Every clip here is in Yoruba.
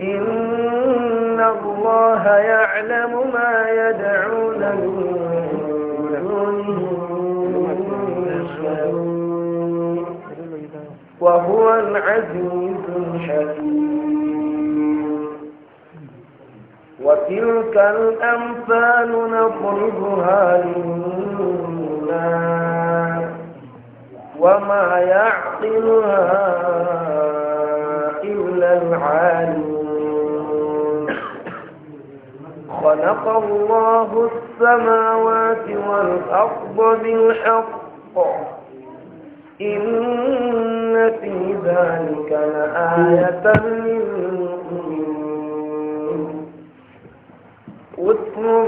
إن الله يعلم ما يدعون من وهو العزيز الحكيم وتلك الأمثال نطلبها للناس وما يعقلها كل خلق الله السماوات والأرض بالحق إن في ذلك لآية للمؤمنين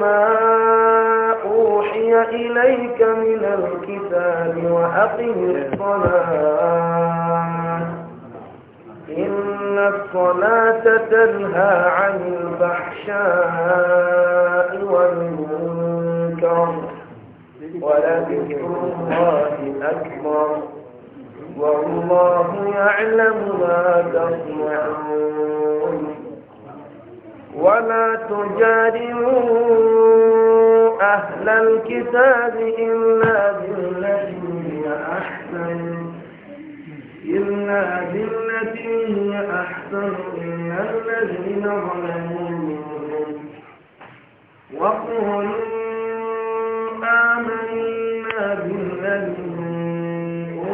ما أوحي إليك من الكتاب وأقم الصلاة الصلاة تنهى عن الفحشاء والمنكر ولذكر الله أكبر والله يعلم ما تصنعون ولا تجادلوا أهل الكتاب إلا بالذي أحسن إلا بالتي هي أحسن إلا الذين ظلموا منهم وقولوا آمنا بالذي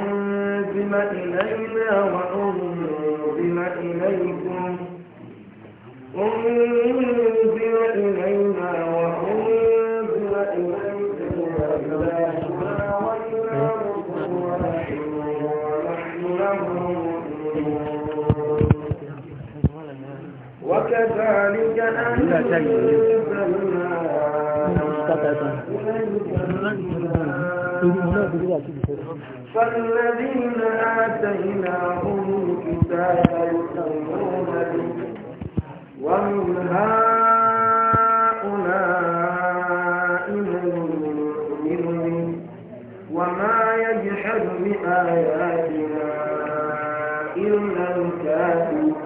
أنزل إلينا وأنزل إليكم أنزل إلينا فالذين آتيناهم الكتاب يؤمنون به ومن هؤلاء من وما يجحد بآياتنا إلا الكافرون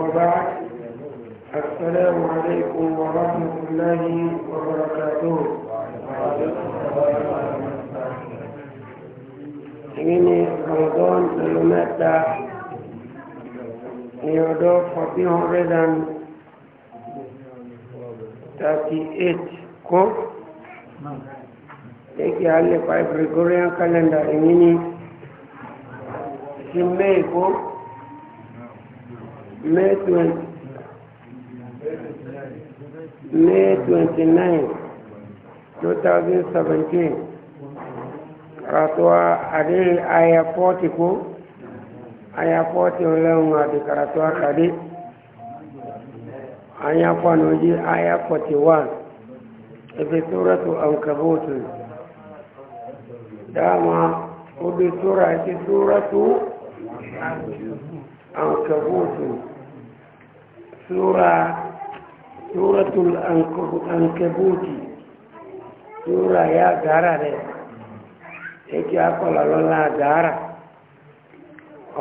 وبعد السلام عليكم ورحمة الله وبركاته ini Ramadan Salometa ni ọdọ́ 1438 kó ẹkì alẹ́pàá Gregorian calendar ìmí ni ti mẹ́ ìkó may twenty may twenty nine two thousand seventeen karatuwa ade aya forty ko aya forty lẹ́hùn àti karatuwa kàdé aya kwanoji aya forty suratu ankabutu dama obi sura ti suratu ankabutu sura suratul ankebuti sura ya gara rẹ eki akọla lọla gara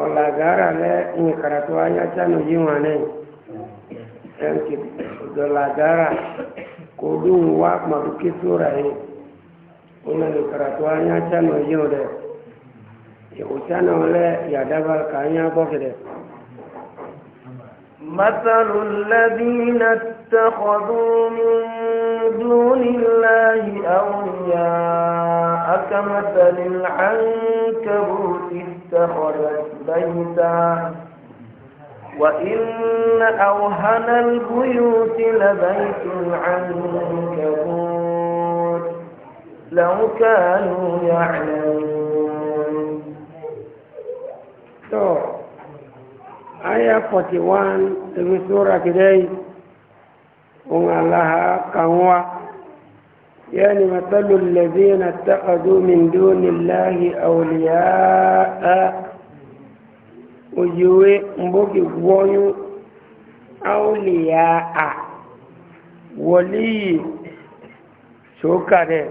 ọla gara rẹ ní karatu ayatanu yìí wọn náà ẹnkì dọla gara kò dùn wá màdùkí sura yìí wọn ní karatu ayatanu yìí wọn dẹ ìkùtánà wọn lẹ yàdábà kà ń مثل الذين اتخذوا من دون الله أولياء كمثل العنكبوت اتخذت بيتا وإن أوهن البيوت لبيت العنكبوت لو كانوا يعلمون طيب. aya 41 ebi sura kidai ungalaha kanwa yani mathalu alladhina ittakhadhu min duni llahi awliyaa ujiwe mbogi gwoyu awliyaa waliyi sokare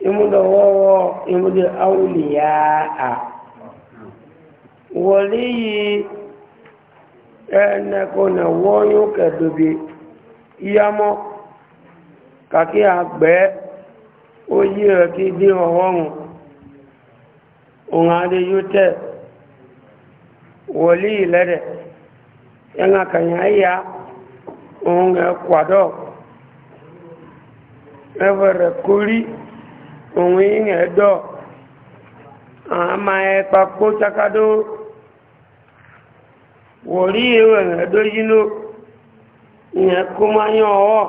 imudo wowo imudo awliyaa waliyi ẹnẹ kò nà wọ́nyún kẹ̀dùbí yámọ́ kàkí àgbẹ́ oyí rẹ̀ kí dín ọ̀rọ̀rùn òun adé yóò tẹ̀ wòlí ìlẹ́dẹ̀ ẹ̀nà kànyà ìyá òun ẹ̀ kwàdọ̀ ẹ̀fẹ̀rẹ̀ kórí òun dọ̀ wọ̀rí ìwẹ̀ ẹ̀dójínú ìyẹn kó máa yán ọwọ́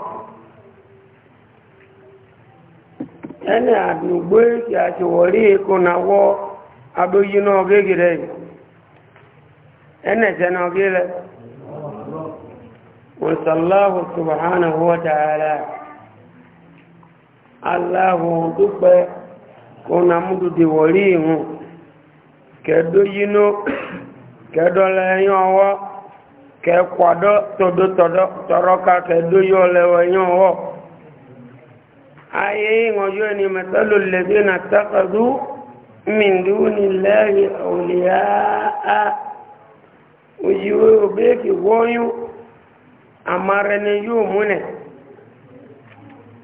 ẹni àdúgbò èkì àti wọ̀rí èkó na wọ́ adójínú ọgẹ́gẹ̀rẹ̀ ẹni ẹ̀tẹ́ na ọgẹ́rẹ̀ wọ̀sàláhù subhanahu wa ta'ala aláhù dúpẹ́ kó na múdùdì wọ̀rí ìhùn kẹ́dọ̀ lẹ́yìn ọwọ́ kẹ́kwàdọ̀ tọ́dọ̀ tọ́rọ́ka kẹ́dọ̀ yọ lẹ́wẹ̀yìn ọwọ́ ayé ìwọ̀nyọ́ ni mẹ́tọ́lù lẹ́dí na tẹ́kọ̀dú mìndú ni lẹ́yìn òlìyà á òyìwé òbẹ́kì wọ́nyú amárẹni yóò múnẹ̀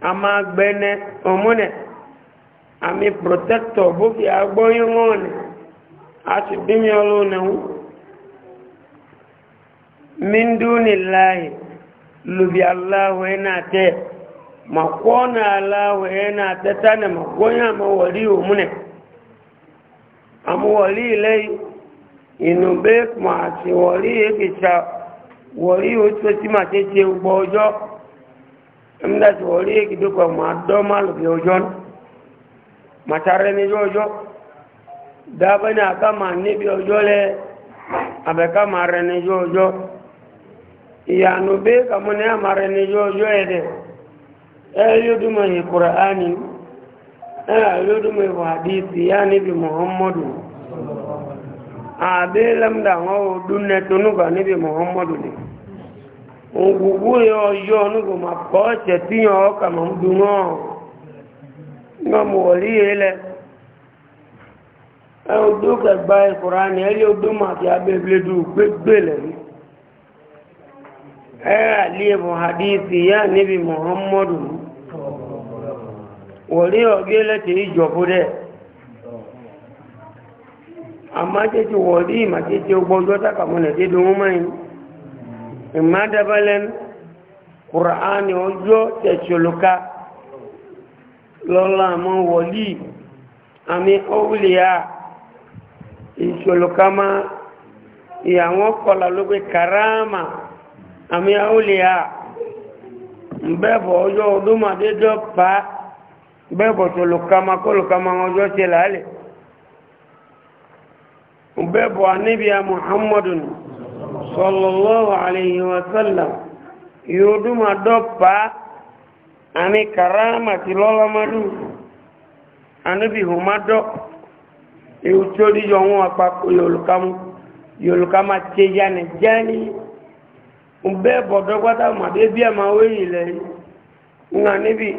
amágbẹ́nẹ òmúnẹ̀ àmì protector bókì agbóyún wọ́n ni a ti bí mi ọlọ́run náà min dunillahi lubi allahu yana te makona allahu yana te tana makonya mawali umune amuwali ilai inube ma ti wali ekisa wali otu ti ma te ti ugbo ojo emda ti wali ekidoko ma do ma lubi ojo ma tare ni ojo dabani aka ma nibi ojo le abeka ma re ojo ìyànú bí kàmú ní àmàrẹ ní yóò ẹ̀dẹ̀ ẹ̀yọ́dúnmọ̀ ìkùrọ̀ ánì ẹ̀yọ́dúnmọ̀ ìwà àdìsí yá bi muhammadu àbí lẹ́mdà wọn ò dúnnẹ tó núgbà níbi muhammadu ni ògùgbù ọjọ́ onúgbò mà kọ́ e tíyàn aliyebu hadithi ya nabi muhammadu wòlé ọgé lẹ́tì ìjọ̀bú dẹ̀ àmá tètè wọ̀lé ìmá tètè gbọ́jọ́ tàkàmù nà tètè mú mẹ́rin ìmá dábẹ́lẹ́ kùránì ọjọ́ tẹ̀sọ̀lùká lọ́la àmọ́ wọ̀lé àmì i ìṣọ̀lùká má ìyàwó kọlà ló ami awulia mbebo ojo oduma de do pa mbebo to lukama ko lukama ojo tilale mbebo anibi ya muhammadun sallallahu alayhi wa sallam yoduma do pa ami karama tilola madu anibi humado e uchodi jo won apako yolukamu yolukama tejane jani, jani mbe bodo kwata ma de bia ma we ile nga nibi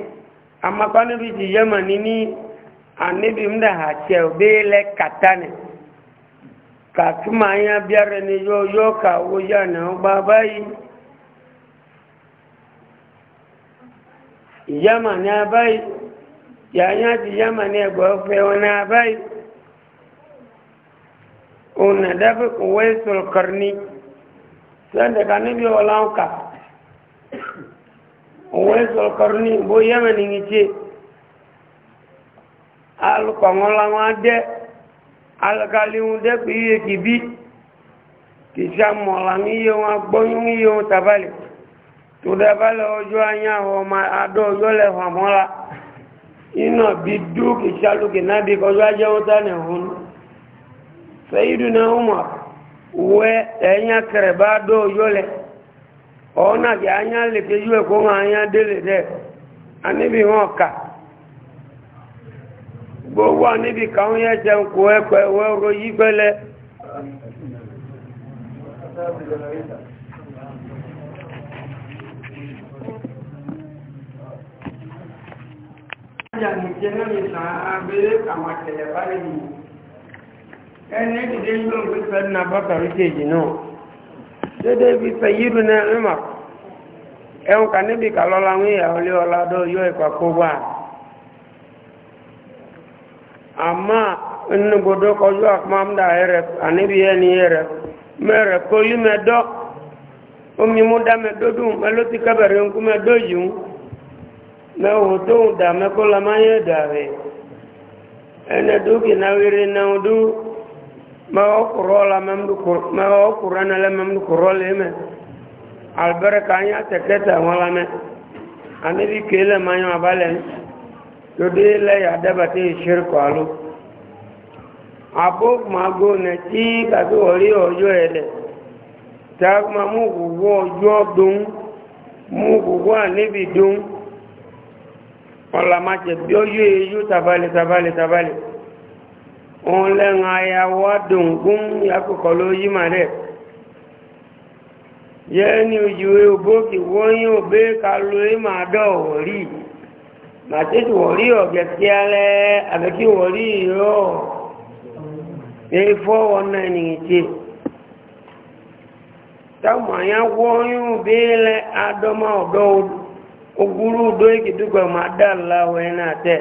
amma nibi ji yama nini anibi mda ha che be le katane ka kuma anya biara ni yo yo ka wo ya na babai yama yamani abai ya ya ji yama ne go fe wona bai on da ko waisul karni sẹ́ndẹ̀ ká níbi ọ̀la ń kà òun ẹ̀sọ̀ kọrọ ní ìbò yẹ́mẹ̀ ní ìtse alùpàwọn làwọn adẹ́ alùkàlíhun dẹ́kun iye kìbí kìsí àmọ̀là ń yé wọn agbóyún ń yé wọn tabalẹ̀ tó dabalẹ̀ ọjọ́ anyá ọmọ adọ́ ọjọ́ lẹ́fọ̀ iná bí dúkìsí alùkì náà bí kọjọ́ ajẹ́ wọn tánà ọ̀hún fẹ́yìdùn náà ó mọ̀ we enya kere ba do yole ona ge anya le ke yue ko ma anya dele de ani bi won ka gbogbo ani bi ka won ye jẹun ko e ko we ro yi gbele Ajá ni jẹ́ náà sàn án abẹ́rẹ́ àwọn àtẹ̀lẹ̀ lè nìyí. ẹni dìde ló ń fi sẹ́ni náà bá kàrí kejì náà dédé fi sẹ́ yírù náà ń mà ẹ̀hún kà níbi yọọ ń yà ọ́ ọlá dọ́ yọ ẹ̀kọ́ kó wà. àmọ́ kọjú ẹ̀rẹ̀ àníbi ẹni ẹ̀rẹ̀ mẹ́rẹ̀ kọ́lí mẹ́dọ́ omi mú dá mẹ́dọ́dún mẹ́lọ́tì kábẹ̀rẹ̀ ńkú mẹ́dọ́ yìí náà wéré náà ma o kuro la mam du kur ma o kurana la mam du kuro le me albaraka ya teketa wala me aniri kele ma yo abalen to de le ya daba te shirko alu abo ma go ne ti ka do ori ojo ele ta ma mu wo ojo dun mu wo anibi dun wala ma je bi ojo eju tabale tabale òun lẹ́nu aya wá dùnkún yakọ̀kọ̀ ló yí mà rẹ̀ yẹ́ ní ojú ògbókì wọ́n yí òbé dọ̀ wọ̀rí màtíṣù wọ̀rí ọ̀gẹ̀ tí a lẹ́ wọ̀rí ní náà tí táwọn àyà wọ́n yí lẹ́ adọ́mọ́ ọ̀dọ́ ogúrú máa dà láwọ̀ ẹ̀ náà tẹ̀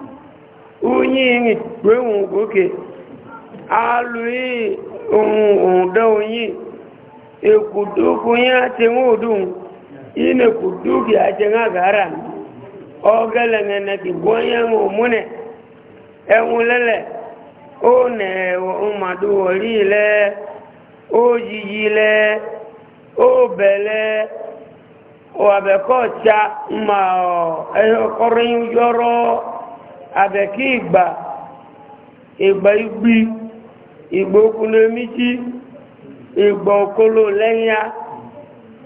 unyi ihe gbe ŋun oke alu yi ohun ohun dɛ onyi ekuduku yi ate ŋu odun yine kuduki ate gara ɔgɛlɛ ŋɛnɛ ki gbɔnyɛ ŋu omunɛ ɛŋu e lɛlɛ one ɔmadu wɔli lɛ oyiyi lɛ o lɛ ɔabɛkɔ ma ɔ àbẹ̀kí ìgbà ìgbà igbi ìgbà okùnlé méjì ìgbà òkolo lẹ́yìn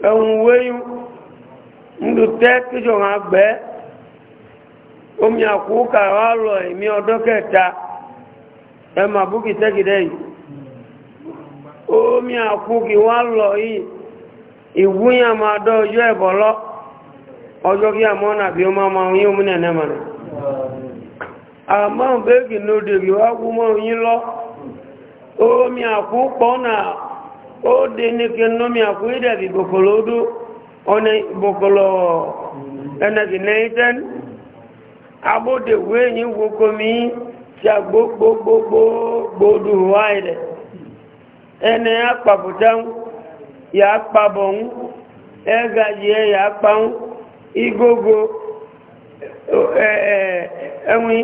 ẹ̀hùn wéyún ndù kíjọ wọn gbẹ́ omi àkókà wà lọ ìmí ọdọ́ kẹta ẹ búkì tẹ́gìdẹ́ yìí omi àkókì wà lọ yìí ìwúyàn máa ọjọ́ ẹ̀bọ̀ ọjọ́ kí àmọ́ nàbí ó máa máa yín òmìnira àmọ́ bẹ́ẹ̀gì ní òdèrè wá gúnmọ́ yín lọ omi àkú pọ́nà ó dé ní kí ní omi àkú ìdẹ̀bì bòkòlò ọdún ọ̀nà nẹ́ẹ̀tẹ́n yín mi tí a gbogbogbogbo dùnwá ẹ̀rẹ̀ ẹnẹ apàbùtán yà á pabọ̀ ń ẹ yà á pa ń igogo ẹ̀ẹ̀ẹ̀ ẹ̀wìn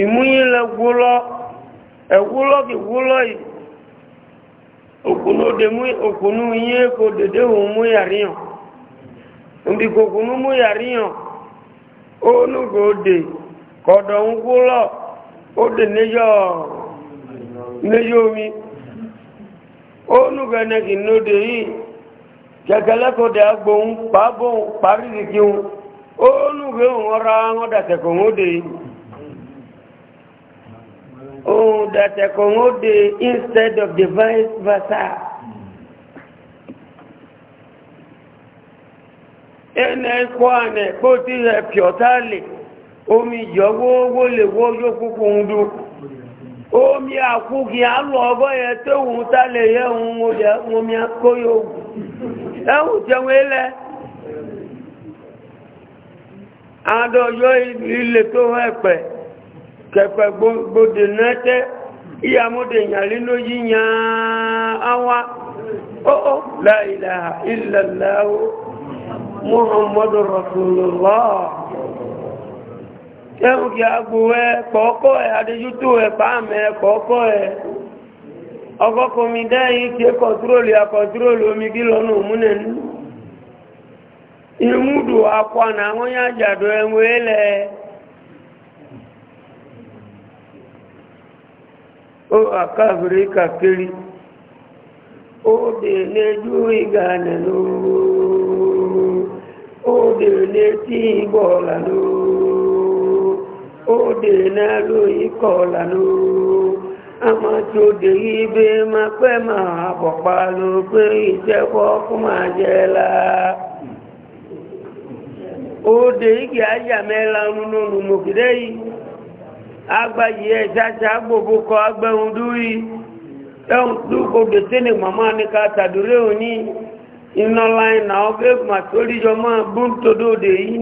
ìmúyín lẹ wúlọ́ ẹ̀wúlọ́ kì wúlọ́ yìí òkùnú yín kò dédé òun mú yàríyàn níbi o mú yàríyàn ó nùgbò dè ń wúlọ́ ó dè níyọ́ omi ó nùgbò nóde yìí kẹ̀kẹ́lẹ́ kò agbóhun pàábóhun parí òun òun yìí that accommodate the instead of the vice versa. ẹnẹ kọ́ ànẹ̀ kó tí rẹ̀ pìọ̀tá lè omi ìjọwó owó lè wó yóò kúkú ń dú omi àkúkì alù ọgọ́ yẹ tó wùn tá lè yẹ ohun òdẹ̀ omi akóyò ẹ̀hùn jẹun ilẹ̀ adọ́jọ́ ilé tó wẹ́pẹ̀ kẹfẹ́ gbódè náà tẹ́ ìyàmọ́dé ìyàlé ló yíyan awa ọ́ọ́ láìlà ìlàláwó muhammadu rasulullah ẹ̀rùn kí agbó ẹ kọ́ọ̀kọ́ ẹ adéjútó ẹ pàmẹ́ kọ́ọ̀kọ́ ẹ ọgọ́kọ́ dẹ́yìn tí kọ̀tírólì omi kí lọ́nà àwọn yájàdọ̀ ó àkàbìrí kàkiri ó dèlé dúrígà nẹ̀lú ó dèlé tí ìgbọ̀ lànú ó dèlé lóyìn kọ̀ lànú àmọ́ tí ó dè yí bí máa pẹ́ máa ló pé máa jẹ́ la ó dè igi ajá mẹ́la nínú yi ẹ̀ṣáṣá e, gbogbo kọ agbẹ̀hùn dúrí ẹ̀hùn tó kò dètè ní màmá ní ká tàdúré òní iná láì nà ọgbẹ́ mà tó ríjọ mọ́ bún tòdó òdè yìí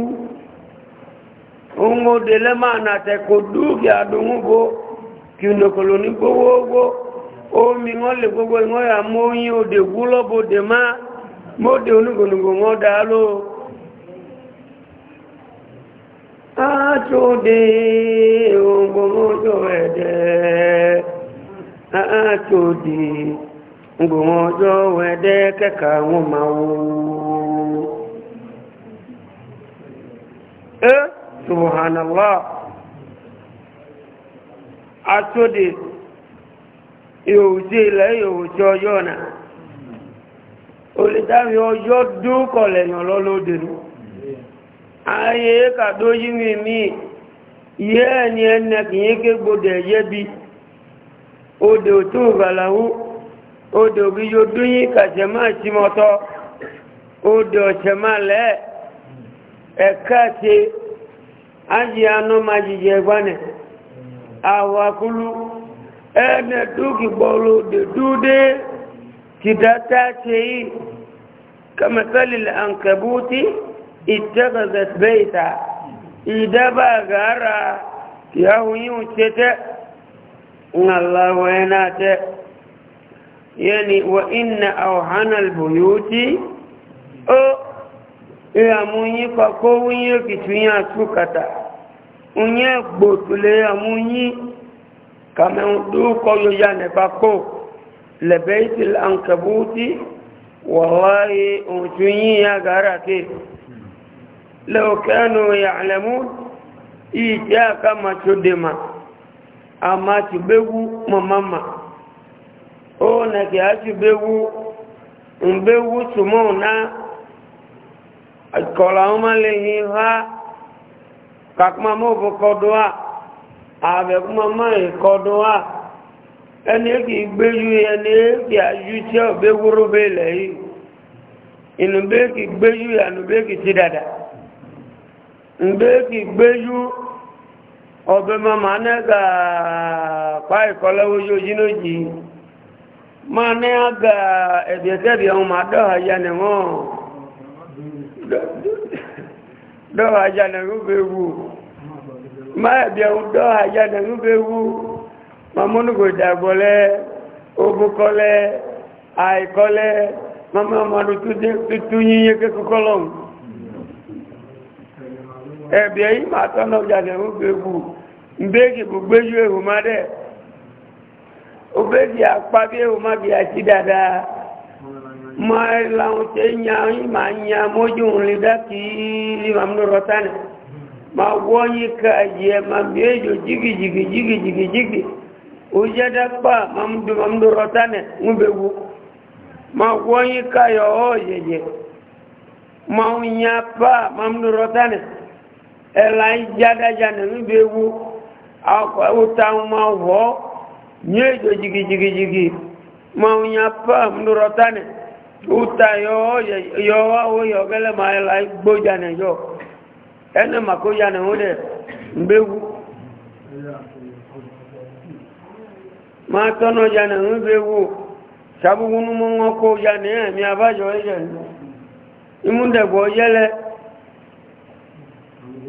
ohun òdè lẹ́mà omi gbogbo àtúndé ògbòmọ́jọ́ ẹ̀dẹ́ àtúndé ògbòmọ́jọ́ ẹ̀dẹ́ kẹ́kà wọn máa wó ẹ́ ṣùgbọ́nàlá ilẹ̀ ọjọ́ náà olùdámi ọjọ́ dúkọ̀ lẹ́yìn ayé kàdó yíwì mí yé ẹni ẹnẹ kìí ké gbodè yébi odò tó gbàlàwó odò bí yóò dúnyìn kàjẹ máa ti mọtọ odò ọ̀sẹ̀ máa lẹ́ ẹ̀ka ṣe ájì anú máa jìjẹ gbanẹ̀ àwọ̀ akúlú ẹnẹ dúkì gbọ́lù dúdé tìdátá ṣe yìí kàmẹ́kẹ́lì àǹkẹ́bùtì. اتخذت بيتا إدبا غارا يهوي وشتا الله وينات يعني وإن أوحن البيوت أو ياموني فكوني كتويا سكتا ونيا بوتلي ياموني كما دوكو يجاني فكو لبيت الأنكبوت والله أنتوني يا غارا كيف لو كانوا يعلمون إيجا كما تدما أما تبغو مماما أو نكي أتبغو مبغو سمونا أتكلم لهيها كما مو بقدوا أبغو ماما يقدوا ẹni kì í gbéjú ẹni kì í ajú tí ọ̀bẹ́ wúrú bẹ́ẹ̀ lẹ́yìn ìnùbẹ́ kì í gbéjú ìyànùbẹ́ kì ti dada. mgbeki gbeju ọbẹmọ ma ne ga pa ìkọlẹ ojú ojúlójì ma ne ga ẹbìẹkẹbì ọhún ma dọ́ha ya ni wọ́n ya ni wù ma ẹbìẹ dọ́ha ya ni rúbẹ̀ wù ma múnugò dàgbọ́lẹ̀ ogókọlẹ̀ àìkọlẹ̀ ma mọ́ ọmọdún tuntun yíyẹ kékeré ẹ̀bẹ̀ yìí máa tọ́nà ìjàdẹ̀ ògbègbù mbéjì gbogbo ewu ewu má dẹ̀ ògbèjì apá bí ewu má bí àti dáadáa máa làwọn tẹ nya yìí máa nya mójú dákì máa yìí ká yẹ máa bí ejò ń bẹ̀wò máa yìí ká yọ ọ́ yẹ̀yẹ̀ máa nya pa máa ela ìjádájá nínú bí ewu akọ̀ ẹ̀wùta ma wọ́ ní èjò jigijigijigi ma ń ya pàm lórọ́ta yọọ úta yọ́wọ́ owó yọ̀gẹ́lẹ̀ ma ẹ̀la gbójà ẹni màkójà nìhún dẹ̀ mbéwu ma tọ́nà jà nìhún béwu sàbúgbónú mọ́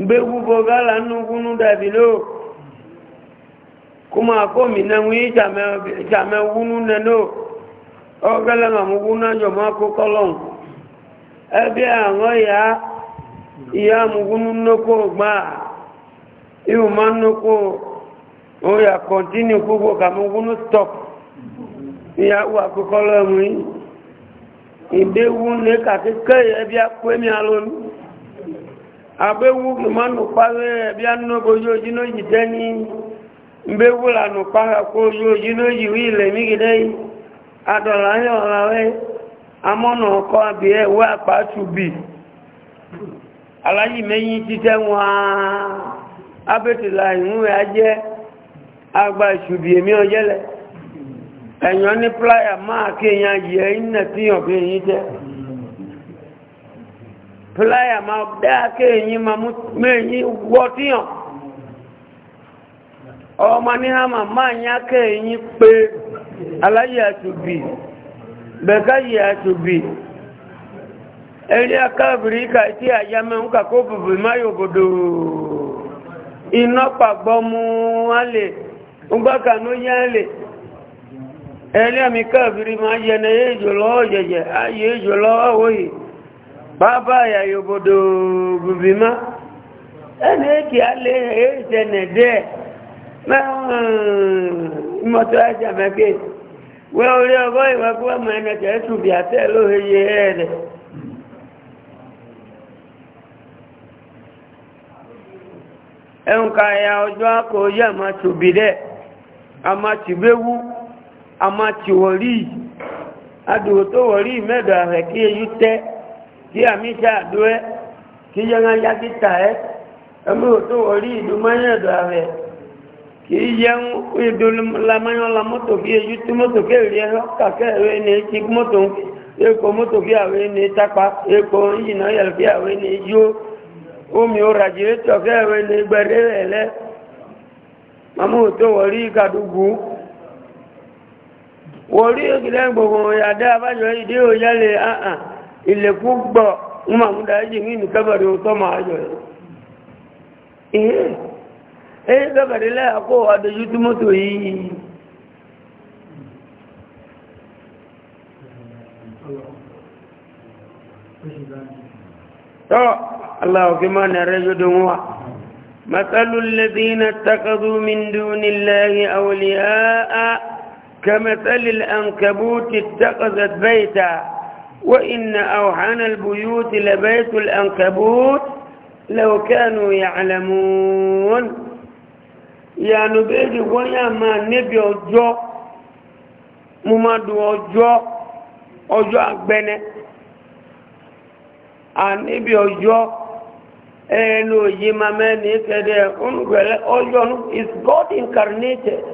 mgbe gbugbo gala nnukwu n'ụdabilo kuma komi na jame wunu neno ogala ma na ebe aṅọ ya ya mugbu nnukwu ogba nnukwu oya kontinu kwugbo ka mugbu stop ya wa akụkọ lọn ibe wu ka keke ebe akụ emi alonu agbewu manukpahe bịa n'oge oyi oji n'oyi deni mgbe wula nukpahe kwa oyi oji n'oyi wile migide adọla ya ọlawe amọna ọkọ abịa ewu akpa tubi Alaji meyi tite nwa abetila ihu ya je agba tubi emi ọjẹlẹ ẹyọ n'i playa máa kéèyàn yẹ ẹ eyi nà tíyàn kéèyàn jẹ. flyer ma dáa kéèyàn ma mú méyìn wọ́tíyàn ọmọ ní hama máa yá kéèyàn pé aláyé àtúbì bẹ̀káyé àtúbì ẹni akáàbìrí kà tí àyà mẹ́un kàkó bùbù máyò bòdò iná pàgbọ́ mú alè ugbákanú yá alè ẹni àmì káàbìrí máa yẹ na yé ìjòlọ́ yẹ̀yẹ̀ ayé ìjòlọ́ òwòyìí bàbá ya yobodo bubima ẹni èkì alẹ́ ẹ̀ẹ́sẹ̀nẹ̀ e dẹ́ mọ́tò mm, ajàmẹ́gbẹ́ wẹ́ orí ọgọ́ ìwẹ́kú ọmọ ẹnẹ̀kẹ́ ẹ̀sùn bí àtẹ́ lóheye ẹ̀rẹ̀ ẹ̀ǹkà ya ọjọ́ akọ̀ọ́yẹ́ àmàtùbí dẹ́ àmàtùbéwú àmàtùwọ̀rí adùwòtòwọ̀rí mẹ́dọ̀ àrẹ̀kí eyú tẹ. kí àmì ṣe àdó ẹ kí yẹnà ya kíta ẹ ẹmú tó orí ìdúmọ́yẹ̀dọ̀ rẹ kì í yẹn ìdó lamáyán la mọ́tò kí èyí tí mọ́tò kéèrè ẹ kàkẹ́ ẹ̀rọ ẹni tí mọ́tò ń èkó mọ́tò kí àwọn ẹni tápa èkó ìyìnà yẹ̀lẹ̀ kí àwọn ẹni yó omi ó ràjìlẹ̀ tọ̀ kẹ́ ẹ̀rọ ẹni gbẹ̀rẹ̀ rẹ̀ lẹ́ màmú tó orí gbogbo ìyàdá abájọ ìdí òyẹ́lẹ̀ àhàn ilẹ̀kú gbọ́ wọ́n máa mú dáyé ní inú kẹbẹ̀rẹ̀ ọ̀tọ́ máa yọ ẹ̀ ẹ̀ kẹbẹ̀rẹ̀ lẹ́yàkó adójú tí mọ́tò yìí tọ́ aláwọ̀kí máa nẹ̀rẹ́ yóò dùn wá مثل الذين اتخذوا من دون الله أولياء كمثل الأنكبوت اتخذت بيتا وإن أوحان البيوت لبيت الأنكبوت لو كانوا يعلمون يا نبيج ويا ما نبي أجو ممدو أجو أجو أكبنة النبي أجو ẹnu òyí ma mẹ́ni kẹ́dẹ̀ onugbẹ̀lẹ́ ọjọ́nu is god incarnated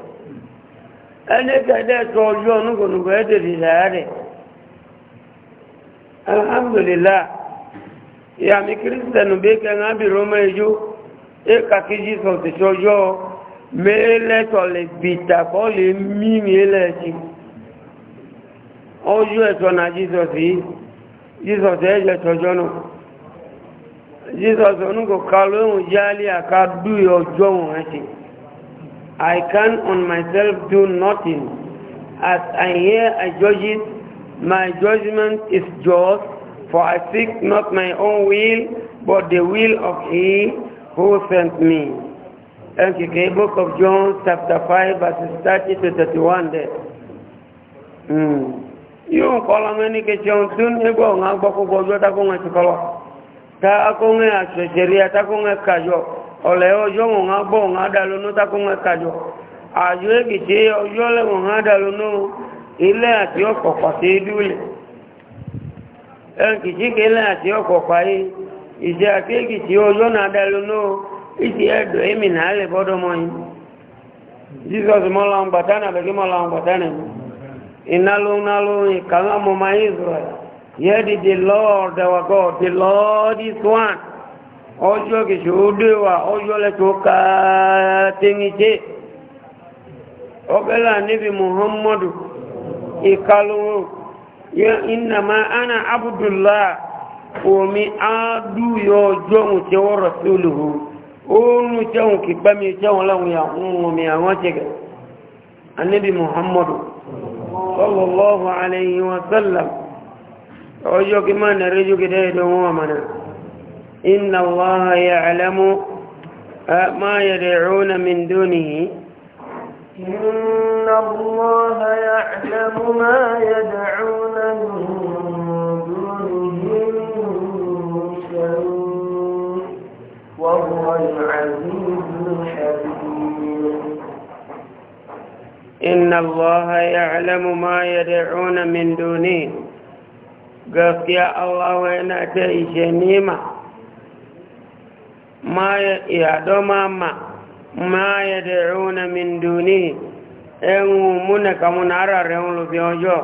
ẹni kẹ́dẹ̀ tó ọjọ́ onugbẹ̀lẹ́ tẹ̀lé láàrẹ̀ alhamdulillah ya mi kristian be ke nga bi roma ejo e ka ki jesus sojo me le to le bita ko le mi mi le ti ojo e to na jesus yi jesus e je sojo no jesus onu ko ka lo un jali aka du ojo un ti e i can on myself do nothing as i hear i judge it My judgment is just, for I seek not my own will, but the will of he who sent me. Thank you. Okay, book of John chapter 5 verses 30 to 31 there. Hmm. Yóò kọ́lọ́ mẹ́ni kẹsàn-án tún nígbà ọ̀hún agbọ́kúgbọ́ ọjọ́ tákùn ẹ̀ ti kọ́lọ́. Ta akún ẹ̀ àṣẹ̀ṣẹ̀rí atákùn ẹ̀ kàjọ. Ọ̀lẹ́ ọjọ́ ọ̀hún agbọ́ ọ̀hún adàlónú tákùn ẹ̀ kàjọ. Àjọ èkìtì ọjọ́ lẹ́wọ̀n adàlónú. ilé àti ọ̀pọ̀pọ̀ si ìdúlẹ̀ e ilé àti ọ̀pọ̀pọ̀ yìí ìṣẹ́ àkéèkì tí ó yọ́nà adẹ́lu náà ìṣì ẹ̀dọ̀ èmì náà lè bọ́dọ̀ mọ́ yìí jesus mọ́lá ń gbàtà náà bẹ̀kí mọ́lá ń gbàtà náà iná ló ń ná ló ń di the lord our god the lord is one ọjọ́ kìsì ó dé wa ọjọ́ lẹ́tọ́ ká tẹ́yìn tẹ́ muhammadu ìkàlùwò ìnàmà ánà abúdùlá omi àádúyọ jọun tí wọ́n rọ̀ sí olùhù oòrùn jẹun kì gbá mi jẹun láwọn omi àwọn jẹgẹ̀ annabi muhammadu sallallahu alayhi wa sallam ọjọ́ kí máa nà rẹ́jọ́ kí dáyẹ̀ wọn mana inna allaha ya إن الله يعلم ما يدعون من دونه وهو العزيز الحكيم إن الله يعلم ما يدعون من دونه قلت يا الله وين أتي جنيمة ما ما يدعون من دونه ẹ̀hùn múnẹ̀kàmú náà rẹ̀ ń lòfin ọjọ́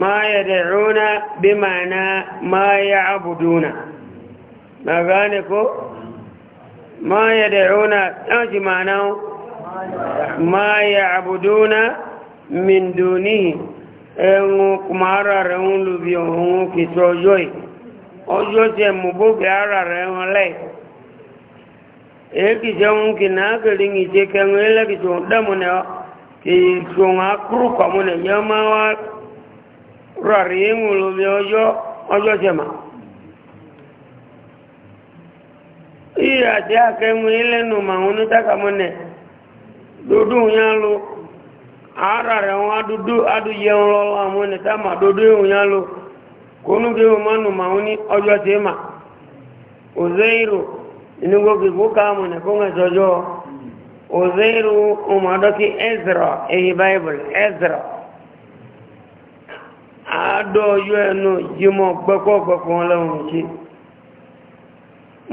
máa yẹ̀dẹ̀ rúnà bí máa na máa yá àbùdúnà magane ko máa yẹ̀dẹ̀ rúnà láti máa náà máa yá àbùdúnà mìndúní ẹ̀hùn máa rẹ̀ ń lòfin ọ̀hún kìtọ̀ ọjọ́ yìí ọjọ́ tẹ mú ara rẹ̀ ń kì náà kìrì ń ń èyí tó ń akúrù kọmọ lẹ̀yẹ máa wá rà rí ìwòlòmí ọjọ́ ọjọ́ tẹ́mà yìí àti akẹ́mù ilẹ̀nù ma ń tẹ́kàmọ́nẹ̀ dúdú ìyánlò ara rẹ̀ wọn adúdú adúyẹ ọlọ́lọ́ àmọ́nẹ̀ tẹ́mà dúdú ìyánlò kónúkẹ́ ìwòmánù ma ń ní ọjọ́ uzairu umadoki ezra ehi baibuli ezra ado ojú ẹnu jímọ̀ gbẹ́kọ̀gbẹ́kọ̀ lẹ́wọ̀n sí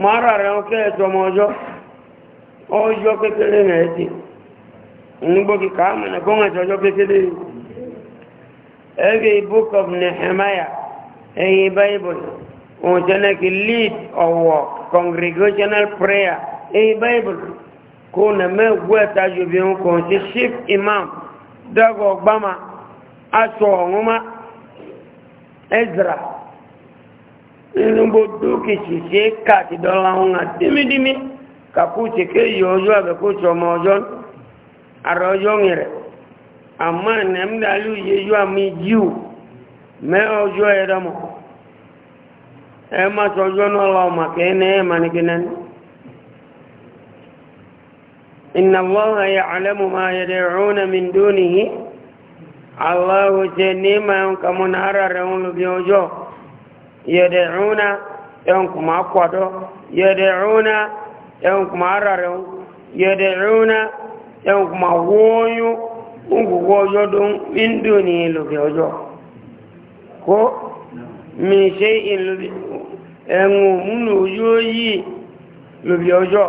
mara rẹ̀ ń kẹ́ ẹ̀tọ́ ọmọ ọjọ́ ọjọ́ kékeré rẹ̀ ti nígbò kíkà mẹ́nà kó ń ẹ̀tọ́ ọjọ́ kékeré ẹgbẹ́ of nehemiah ehi bible kó nà mẹ́gbọ́ ẹ̀ta yòbí ń kàn sí chief imam dẹ́gọ̀ gbáma aṣọ ọ̀húnmá ezra nínú gbogbo kìsì ṣe káàkiri dọ́là ohun àdímídímí kàkú ti ké yọ ọjọ́ àbẹ̀kú tí ọmọ ọjọ́ àrọ̀ ọjọ́ ń rẹ̀ àmọ́ ẹ̀nẹ́mdàlú yẹ yọ àmì jíù mẹ́ ọjọ́ ẹ̀rọ ẹ إن الله يعلم ما يدعون من دونه الله جنيما ينكم نهر رون بيوجو يدعون ينكم أقوادو يدعون ينكم أرارون يدعون ينكم أغويو أغويو دون من دونه لبيوجو كو من شيء لبيوجو أنه من وجوه لبيوجو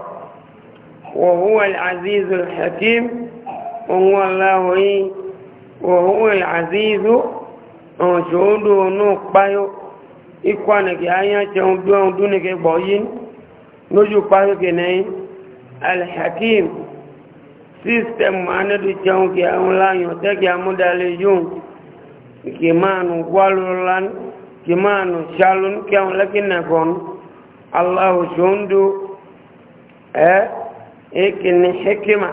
وهو العزيز الحكيم وهو الله وهو العزيز وشهود ونقبايو إخوانك آيات يوم دونك بوين نجو بايو كنين الحكيم system mana du jẹun kí àwọn láyàn tẹ́kì àmúdalẹ̀ yóò kì máa nù wálúlán kì máa nù ṣálún kí àwọn lẹ́kìnnà kan aláhùsùn dú ẹ́ hiki ni hekima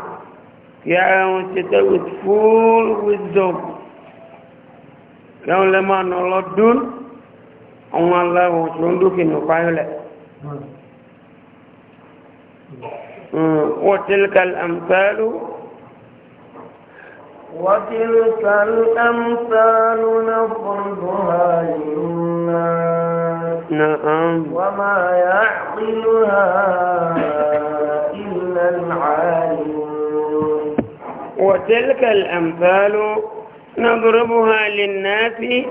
kiara wọn ti tẹ with full wisdom kẹwọn lẹ máa nà lọ dún àwọn aláwọ tó ń dúkì ní fáyọlẹ وتلك الأمثال وتلك الأمثال نضربها للناس نعم وما يعقلها عالمون وتلك الأمثال نضربها للناس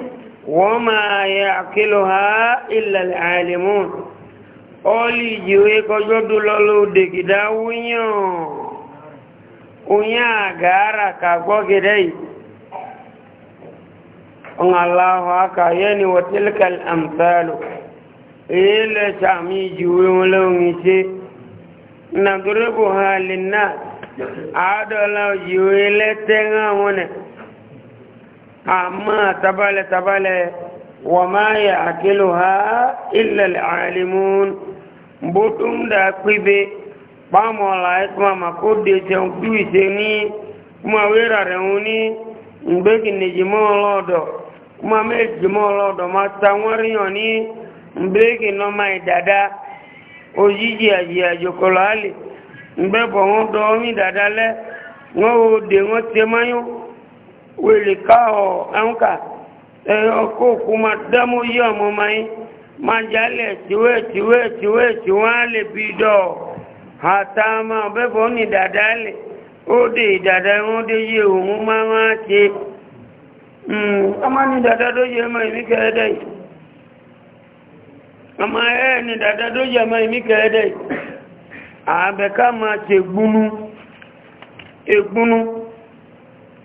وما يعقلها إلا العالمون أولي جويك جد لولو دكدا ونيو ونيا غارة كاكوك دي الله أكا يعني وتلك الأمثال إلا شامي جوي ولو نسي na ha lè náà àádọ́lá yóò lẹ́tẹ́ àwọn nẹ̀ àmọ́ tabalẹ̀ tabalẹ̀ wà máa yà àkílò ha ilẹ̀ àrẹ̀lẹ̀mún bó tó ń dà pípé pàmọ́lá ẹkùnmà màkó dé jẹun tó ìṣe ní kúmà wéra rẹ̀ ń ní ìgbékìnnìjìmọ́ ọlọ́ọ̀dọ̀ kúmà ma ta wọ́n dada. ojiji aji ajokolo ali mgbe bụ ọnwụ dọ omi dada lẹ wọn ò dé wọn tẹ ka ọ ẹnka ẹ ọkọ ma dẹmú yí ọmụma anyị ma jalè tiwé tiwé tiwé tiwé alẹ bi dọ hàtà ma ọbẹ bọ omi dada dada wọn dé yé òun máa ń ṣe dada ma ọmọ ẹ ni dada tó yẹ ọmọ ìmí kẹ́ẹ̀dẹ̀ àbẹ̀ká ma ṣe gbúnú egbúnú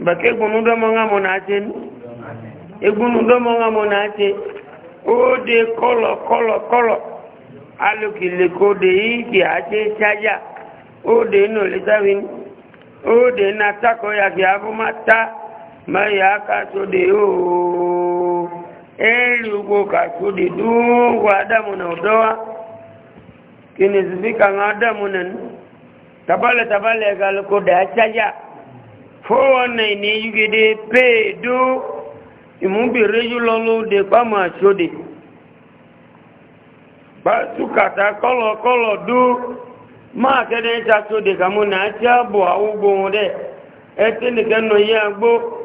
bàkẹ́ gbúnú dọ́mọ́ ọmọ náà ṣe ní egbúnú dọ́mọ́ ọmọ náà ṣe ó dé kọ́lọ̀ kọ́lọ̀ kọ́lọ̀ alùkìlẹ̀ kò dé ìkì àṣẹ ṣáyà ó dé inú ìlẹ́sàwí ní ó dé iná tákọ́yà kì á fún má ta mẹ́yà ká tó dé óò. eli ugo kasudi dugu adamu na udoa kinizifika nga adamu nan tabale tabale galuko dachaja fowona ini yugide pe du imubi reju lolu de pama shodi basukata kolo kolo du ma kede ta shodi kamuna acha bo awugo de etini kenno ya gbo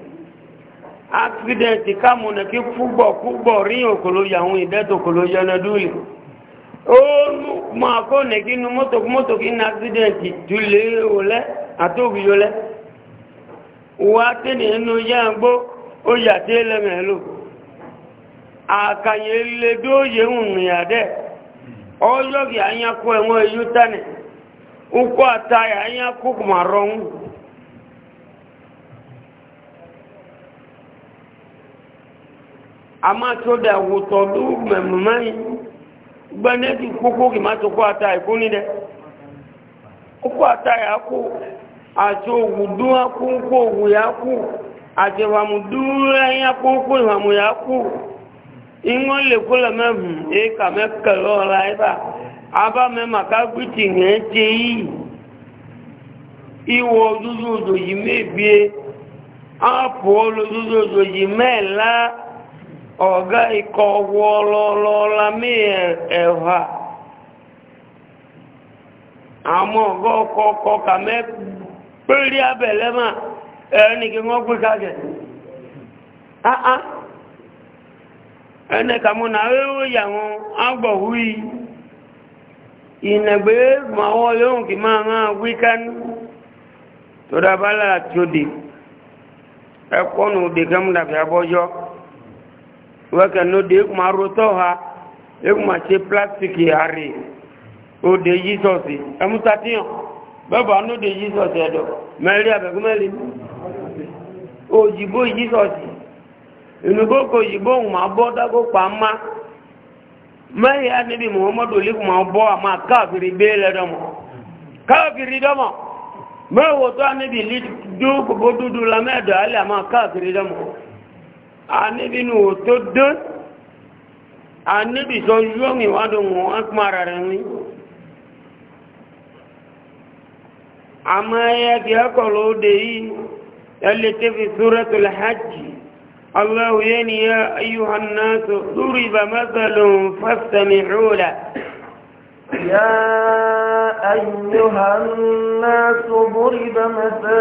accident kamu na ki fúgbọ̀ fúgbọ̀ rí òkòló yàwọn ìdẹ́tò òkòló yẹnadúlì ó mọ̀ àkó nẹ kí inú mọ́tò mọ́tò kí ní accident túlé olẹ́ àtóbi olẹ́ wà tí ní inú yẹ́ ń gbó ó yà tí lẹ́mẹ̀lú àkàyè lè bí ó yẹ ń rìn àdẹ́ ọjọ́ kì àyàkó ẹ̀wọ̀n èyí tánì ukọ́ àtàyà àyàkó kùmà rọrùn ama tso da wotɔ do mɛmɛmɛ yi gbanɛti koko kìí ma tó kó ata ìkó ni dɛ kókó ata yà kó àti òwú dó akó kó òwú yà kó àti ìwàmù dúró yà kó kó ìwàmù yà kó ìwọ́n lè kó lè mɛ hùm èyí kà mɛ kẹlẹ́ ọ̀la yìí bá aba mɛ màkà gbìtì hẹ́ tẹ yìí ìwọ dúdú odò yìí àpò olódúdú odò yìí la. ọ̀gá ikọ̀ wọ lọ́lọ́lá mí ẹ̀hà àmọ́ ka ọkọ̀ kpeli kàmẹ́ pẹ́lú abẹ̀lẹ́ mà ẹni kí wọ́n gbé ha, ah, ah. áá ẹni kàmú nà ẹ̀rọ yàwọn agbọ̀wú yìí kì wẹ́kẹ̀ ní òde ekuma rotọ́ ha ekuma ṣe plastiki hari òde yíṣọ́ọ̀sì ẹmúta tíyàn bẹ́bà ní òde yíṣọ́ọ̀sì ẹ̀dọ̀ mẹ́rin abẹ́gúnmẹ́rin òyìnbó yíṣọ́ọ̀sì ìnúgbókò òyìnbó ma máa bọ́ dágópa má mẹ́rin anibi muhammadu olikun máa bọ́ àmà káàkiri gbé lẹ́dọ̀mọ́ káàkiri dọ́mọ́ mẹ́wòótọ́ anibi dúkòkó dúdú ma ka àmà káàkiri dọ́mọ́ anibi nu ododo anibi sọ yọmi wado ŋun akpara rẹ ŋun re ya amaya ti akolo de yìí ẹlẹtẹ fi suratul tó lè hajj alahu yẹni ya ayuhan naaso lórí bamasalon fasami xoola. يا أيها الناس ضرب مثل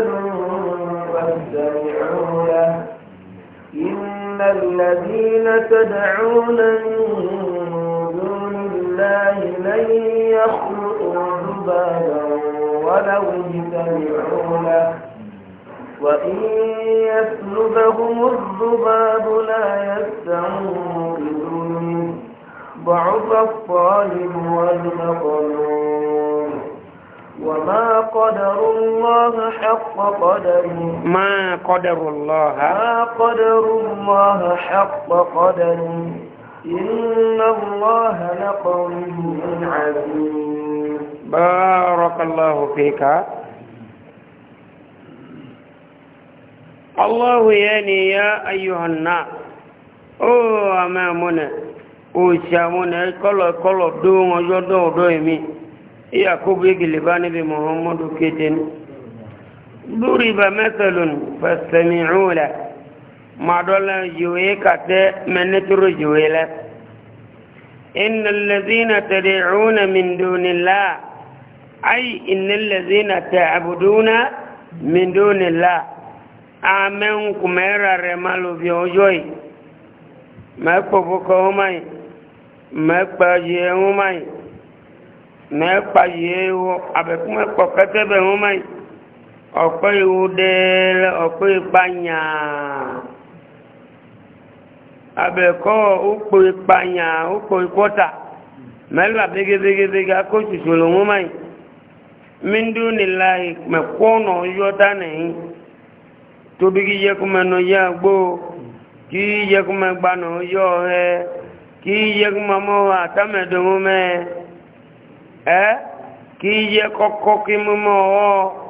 فاستمعوا له إن الذين تدعون من دون الله لن يخلقوا ذبابا ولو اجتمعوا وإن يسلبهم الذباب لا يستنقذون ضعف الطالب والمظلوم وما قدر الله حق حق قدره ما قدر الله ما قدر الله حق قدره إن الله لقوي عزيز بارك الله فيك الله يعني يا أيها الناس أوه أمامنا أوشامنا كل كل دوم وجدوا دومي يا كوبي قلباني بمحمد كتن duriba mathalun fastamicuu la maɗolla jowee kate menneturo jowee la in alladina tadicuuna min duni illah ay in alladina tacbuduuna min duni illah amen kumerare malubyojoy ma kobukoumay ma kpajeumay ma kpajeewo aɓe kuma kokatebe umay ọ̀pẹ́ ìwúdé ọ̀pọ̀ ìpáyà abẹ̀kọ́ òpò ìpáyà òpò ìkọ́ta mẹ́lá bégébégébégé akóṣùṣù lòun máa míndú nílá ìpẹ̀kọ́nà yọ́ta nìyí tóbi kí yẹkùnmẹ́nu yẹ gbó kí yọ kí mọ́ ẹ kí yẹ kọ́kọ́ kí ọ́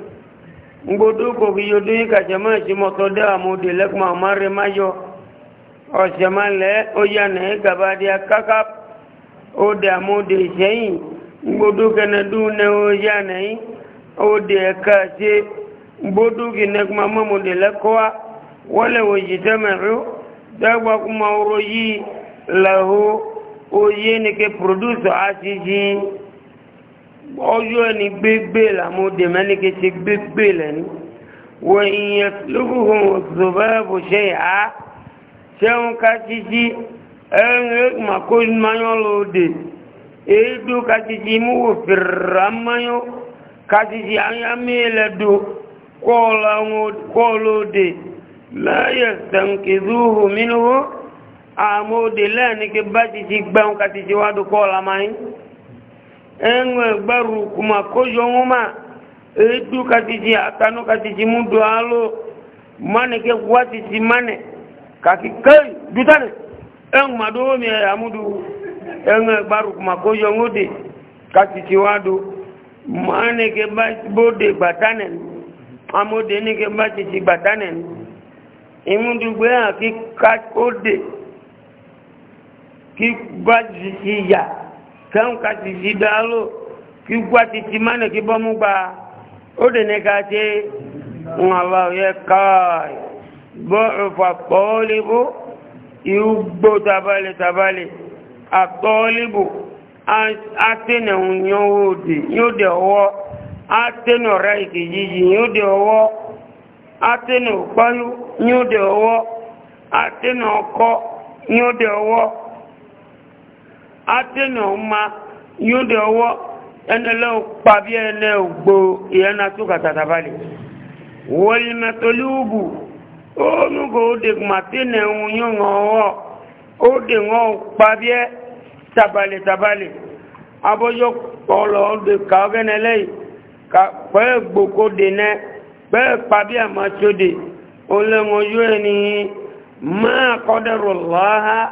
ngodo ko ki yodo ka jama ji moto da mo de lek ma mare mayo o jama le o ne gaba dia kaka o de mo de sei ngodo kana du ne o ya ne o de ka je ngodo ki ne ma mo de lek ko wala o jitamaru da ba kuma ro yi lahu o ne ke produce asiji ọjọ́ ẹni gbégbé làmú dèmẹ́ni kéṣe gbégbé lẹ́ni wọ ìyẹn lókùnkùn òṣùbẹ́ẹ̀bù ṣe yá ṣẹ́hun ká ṣíṣí ẹ̀rìn màkó mayọ́ lóde èédú ká ṣíṣí mú wò fìrà mayọ́ ká ṣíṣí ayámẹ́lẹ́dù kọ́ lóde láyé sẹ̀ǹkìzúhù mínú àmóde lẹ́ẹ̀ni kí bá ṣíṣí gbẹ́hun ká ṣíṣí wádùú kọ́ enwe gbaru kuma ko yonwu ma edu ka ti si atanu ka ti si mudu halo ma nike kuwa ti si mana kakikeri dutere enwe gbaru o me eya mudu enwe gbaru kuma ko yonwu de kasi si wado ma nike bode batanen amode nike bade si batanen imudu bela ki kodekivajusi si ya kan ka ti si dalo ki gwa ti ti mane ki bomu gba o de ne ka te un ala ye kai bo fa polibu iu gbo tabale tabale a polibu a tene un yo de yo de owo a tene ora ki jiji yo de owo a te tene opalu yo de owo a te tene oko yo de owo atẹ́nà ọmọ yóò dẹ̀ ọwọ́ ẹnẹlẹ́ pàbí ẹnẹ ògbò ìyẹnà tó kàtàtà balẹ̀ wọlìmẹ̀tọ́lúùbù onugo ode matene unyo ngowo ode ngo pabie tabale tabale yo kolo ode ka genele ka pe gboko de ne pe ma ole ni ma qadarullah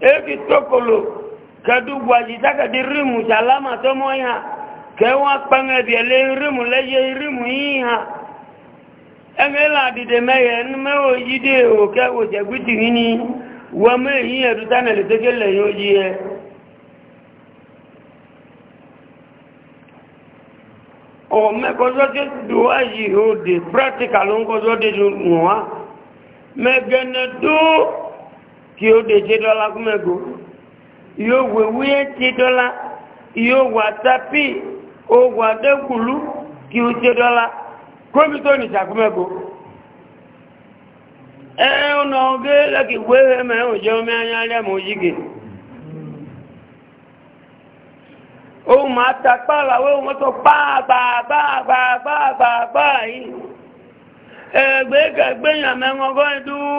eki tokolo kadugba jita kadi rimu salama tomo ya kẹwọn akpẹngẹ bi ẹlẹ rimu lẹyẹ rimu yìí hàn ẹgbẹ́ la dìde mẹ́yẹ mẹ́wọ́ yí dé o kẹwọ́ jẹ̀gbìtì yìí ni wọ́n mẹ́yìn yẹn tó lè tẹ́kẹ́ lẹ́yìn ó yí ẹ. ọ̀mẹ́kọ́sọ́ tó dùn wá yìí ó practical gene tí ó dé jẹ́ dọ́là kúmẹ́gò yóò wé wúyẹ́ jẹ́ dọ́là yóò wà tápì ó wà dẹ́kùlú kí ó jẹ́ dọ́là kóbító ní ìṣàkúmẹ́gò ẹ ọ̀nà ọ̀gẹ́ lẹ́kì wéwé mẹ́rin òjẹ́ omi anyálẹ́ mọ̀ yígè ohun máa ta pààlàwé ohun mọ́tò pààbàbàbàbàbà yìí ẹgbẹ́gbẹ́gbẹ́yàn mẹ́rin ọgọ́rin dúró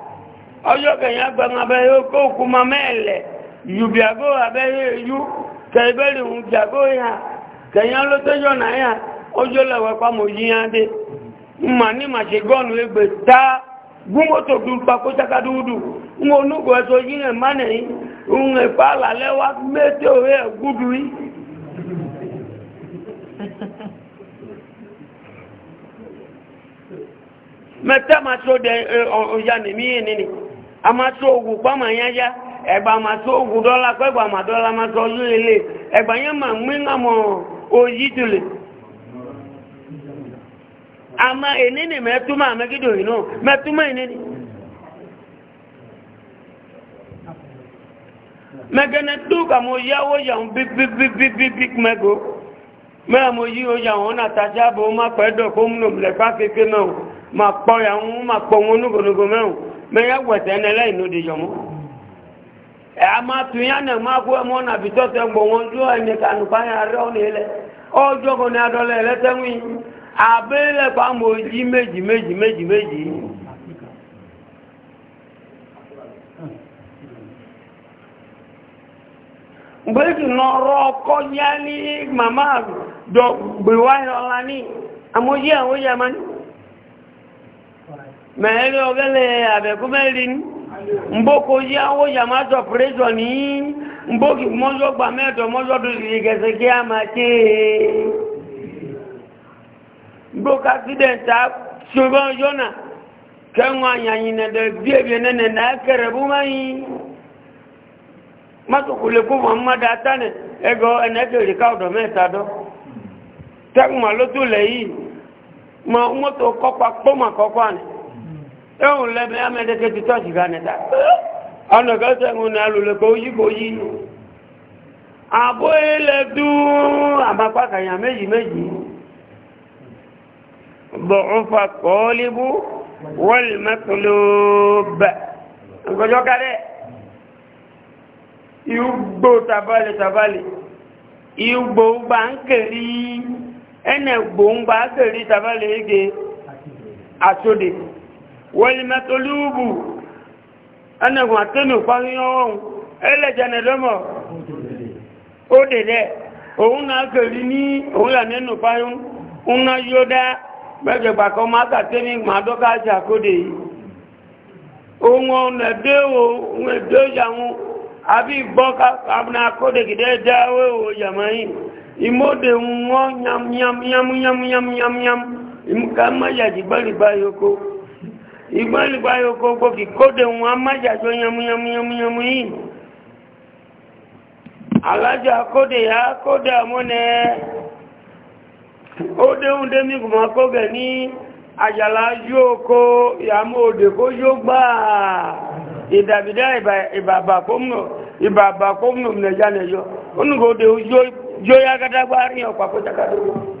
ọjọ́ kẹ̀yìn agbọn abẹ́yẹ kó kú ma mẹ́ẹ̀lẹ̀ yùbíàgó abẹ́yẹ yú kẹ̀ẹ́bẹ̀rẹ̀ ń bíàgó yà kẹ̀yìn alótẹ́jọ́ náà yà ọjọ́ lẹ́wẹ̀ pàmò mà ẹgbẹ̀ gúnmọ́tò mẹ́tẹ́ dẹ̀ ọ̀yà nìmí ama tó ogun pàmò anyájá ẹgbà ma tó ogun dọ́là kọ́ ẹgbà ma dọ́là ma tó ọdún ilé ẹgbà yẹn ma mú iná mọ oyí tòlè ama ènìní mẹ́túmọ̀ àmẹ́gídò yìí náà mẹ́túmọ̀ ènìní. mẹ́gẹ́nẹ́ tó kà mo yáwó yàwó bíbíbíbíbí mẹ́gò mẹ́ra mo yí o yàwó ọ̀nà àtàjábọ̀ ó má pẹ́ dọ̀ kó múnà mẹ́lẹ̀ pàfẹ́fẹ́ mẹ́wọ̀n ma pọ̀ yàwó ma pọ̀ wọn onígbònogbò mẹ́wọ̀n. mẹ́yẹ wẹ̀tẹ̀ ẹni lẹ́yìn ló di a máa tún yá nà máa kó wọn tó ẹni kànú báyà rẹ̀ ọ́ ní ilẹ̀ ọjọ́ kan adọla adọ́lẹ̀ ẹlẹ́tẹ̀wìn àbẹ́lẹ̀ pàmò jí méjì méjì méjì méjì. meji meji. mẹ́rin ọ̀gẹ́lẹ̀ àbẹ̀kúmẹ́rin mbókò yí àwọn yàmátọ̀ pírẹ́sọ̀ ní mbókì mọ́sọ́gbà mẹ́ẹ̀tọ̀ mọ́sọ́dún ìrìgẹ̀sẹ̀ kí a máa ké mbókò ṣùgbọ́n àyàyìn nẹ̀dẹ̀ bí nẹ́nẹ̀ náà kẹrẹ̀ bú mọ́ ẹ̀hùn lẹ́bẹ̀ amẹ́dẹ́gẹ́ ti tọ́jì gánẹta ọ̀nàgọ́sẹ̀hùn ní alùlẹ̀kọ́ oyíkòyí àbó ilẹ̀ dùn àmàpákàyà méjì méjì bọ̀ọ̀fà kọ́ọ́líbú wọ́lì mẹ́tọ́lọ́bẹ̀ ọgọ́jọ́ kárẹ́ ìgbò tàbálẹ̀ tàbálẹ̀ ìgbò gbà ń kèrí ẹnẹ̀ gbò ń gbà kèrí tàbálẹ̀ ege àtòdè wẹ́lìmẹ́tọ́lúùbù ẹnẹ̀kùn àtẹ́nù pàríyàn ohun ẹlẹ́jẹ̀nẹ̀ lọ́mọ̀ ó dẹ̀dẹ̀ òun náà kèrì ní òun là nínú pàríyàn òun náà yóò dá gbẹ́gbẹ̀gbà kan ohun ohun wọn yam yam yam yam yam yam yam ìgbọ́nlùgbà yóò gbogbo kì kóde wọn a má jàjọ yamuyamuyamuyamu yìí kóde ya kóde àmúnẹ ó déhùn démi kùmọ̀ kógẹ̀ ní àjàlá yóò kó ìyàmú òdè kó yóò gbáà ìdàbídá ìbàbà kó mú òmìnà jánẹjọ́ ó nùgbò òdè yóò yá gádágbá rí ọ̀pàkójákádógún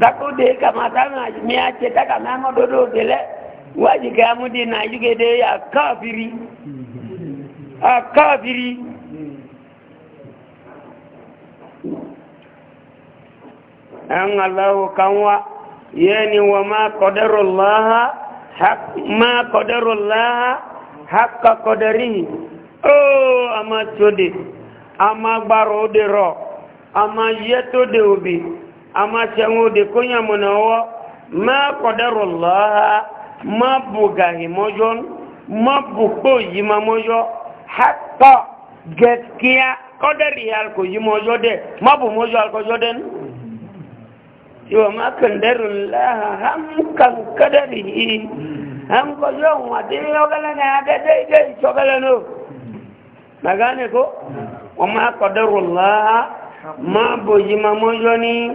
takode kama tanga mia cheta kama mododo dele waji kamu di na yuge de ya kafiri a kafiri an Allah kanwa yani wa ma qadarullah haq ma qadarullah haqqa qadarihi oh ama chode ama baro de ro ama yeto de obi amma can da kunya munawa ma qadarullaha ma bugahi mojon ma buko yima mojo hatta gaskiya qadari hal ko yima mojo de ma bu mojo al ko joden yo ma qadarullaha ham kan qadarihi ham ko yo ma de yo gala na de de de so gala no magane ko wa ma qadarullaha ma bu yima mojo ni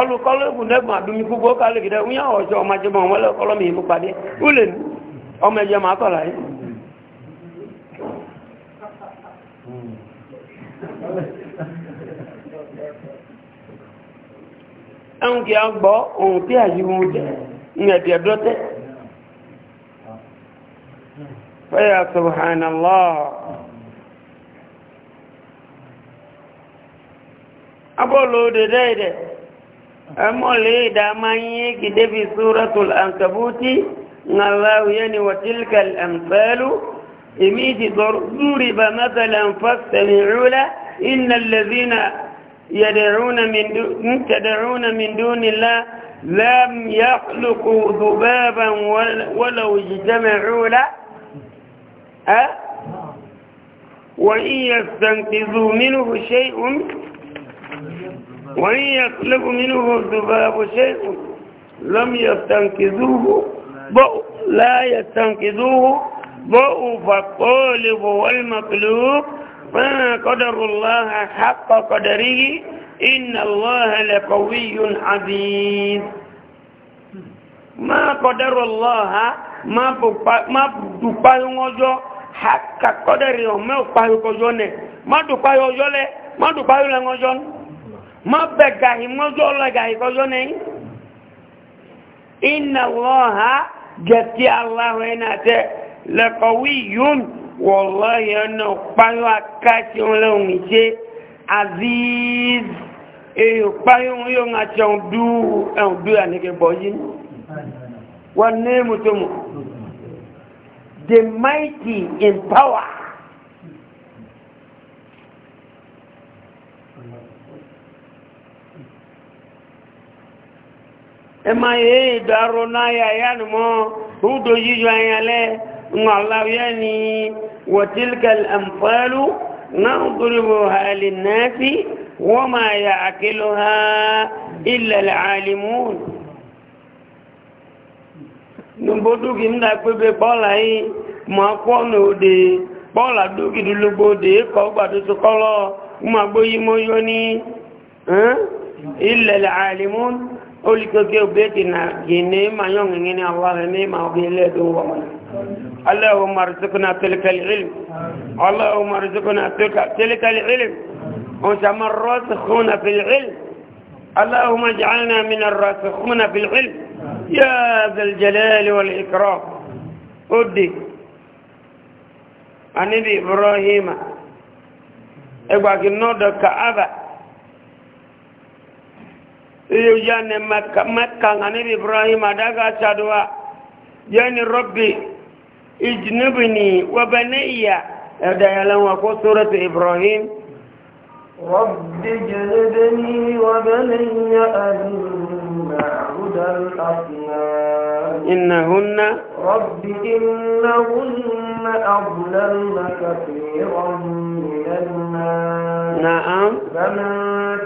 ọlùkọ́lọ́ èkù nẹ́gbọ̀n àdúmí gbogbo kálẹ̀ gidẹ ń yà ọjọ́ ọmọ ajẹ́mọ̀ wọn lọ kọ́lọ́ mi ìmú pàdé ó lè ní ọmọ ẹ̀jẹ̀ máa kọ̀lá yìí. ẹ̀hún kì í gbọ́ أمولي داماني كده في سورة الأنكبوت الله يعني وتلك الأمثال إميت ضرب مثلا فاستمعوا إن الذين يدعون من دون تدعون من دون الله لم يخلقوا ذبابا ولو اجتمعوا له أه؟ وإن يستنقذوا منه شيء وإن يطلب منه الذباب شيء لم يستنقذوه لا يستنقذوه ضعف الطالب والمطلوب ما قدر الله حق قدره إن الله لقوي عزيز ما قدر الله ما دفعه وجو حق قدره ما دفعه وجو ما دفعه وجو ما دفعه وجو Ma bẹ̀ gàhì mọ́jọ́ ọlọ́gàhì kọjọ́ Inna iná lọ́ha jẹ́tí aláwọ̀ ẹ̀nà tẹ́ lẹ́kọ̀wí yún wọ̀lọ́ yẹn akasi akáṣẹ́ lẹ́hùn ṣe aziz èyí pàyọ́ yóò àti ẹ̀hùn dú ẹ̀hùn dú àníkẹ́ bọ̀ yìí wọ́n ní mùtọ́mù the mighty in power ẹmà yẹ ìdárò náà yà ni mọ́ rúdò yíyọ ayẹlẹ́ ńlọ́láwíyá ni wọ̀tílkẹ̀l àmfẹ́lú náà dúró hàlì eh, náà sí wọ́n máa yà àkílò ha ilẹ̀ àlìmún nùgbódú kì ń dá pépé pọ́ọ̀lá yìí mọ́ pọ́ọ̀nù òde pọ́ọ̀lá dókìdú lógbó òde kọ́ gbàdútù kọ́lọ́ mọ́ agbóyí ní ilẹ̀ olùkókè òbẹ́tì na gẹ̀ẹ́nẹ́ mayọ́ ngẹ́ni aláwọ̀ ní ma ọgbẹ́ ilé ẹ̀dùn wọ́n mọ́nà aláwọ̀ marzukuna tilkali ilim aláwọ̀ marzukuna tilkali ilim o sama rọ́sì kúnà fil ilim aláwọ̀ ma jàánà mina rọ́sì kúnà fil ilim yá zaljalali wal ikra ó anibi ibrahima ẹgbàgì nọ́dọ̀ ka'aba iyo jane matka ngani ibrahim adaga chadwa yani rabbi ijnibni wa baniya adayalan wa ko suratu ibrahim رب اجنبني وبني أن نعبد الأصنام إنهن رب إنهن أضللن كثيرا من الناس نعم فمن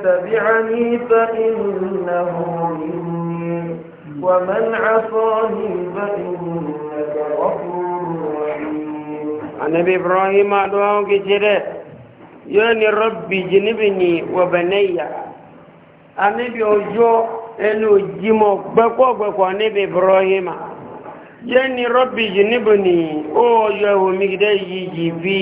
تبعني فإنه مني ومن عصاني فإنك غفور رحيم النبي إبراهيم أدعوه كثيرا يعني ربي جنبني وبني النبي أجوه ẹnu òjìmọ̀ gbẹ́kọ̀gbẹ́kọ̀ níbi ibrahima jẹ́ ni rọ́bì jì níbò ní ó ọjọ́ ìwòmí gidẹ́ yìí jì bí